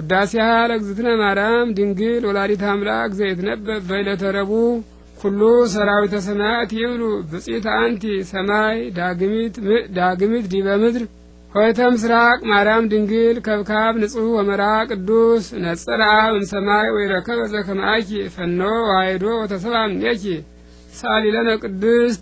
ውዳሴሃ ለእግዝእትነ ማርያም ድንግል ወላዲት አምላክ ዘይትነበብ በዕለተ ረቡዕ ኩሉ ሰራዊተ ሰማያት ይብሉ ብፅዕት አንቲ ሰማይ ዳግሚት ዲበ ምድር ሆይተ ምስራቅ ማርያም ድንግል ከብካብ ንጹሕ ወመራ ቅዱስ ነጽር አብ እምሰማይ ወይረከበ ዘከማኪ ፈኖ ዋይዶ ወተሰብአ ሳሊለነ ቅድስት